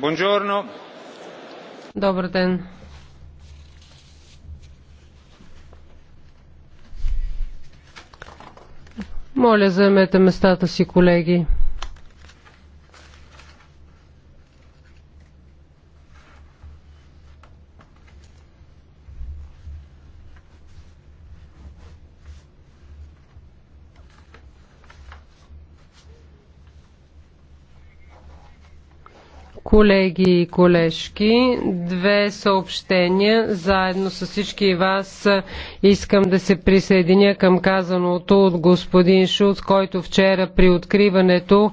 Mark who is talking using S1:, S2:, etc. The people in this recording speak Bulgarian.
S1: Buongiorno.
S2: Добър ден.
S3: Моля, заемете местата си, колеги. Колеги и колежки, две съобщения. Заедно с всички вас искам да се присъединя към казаното от господин Шуц, който вчера при откриването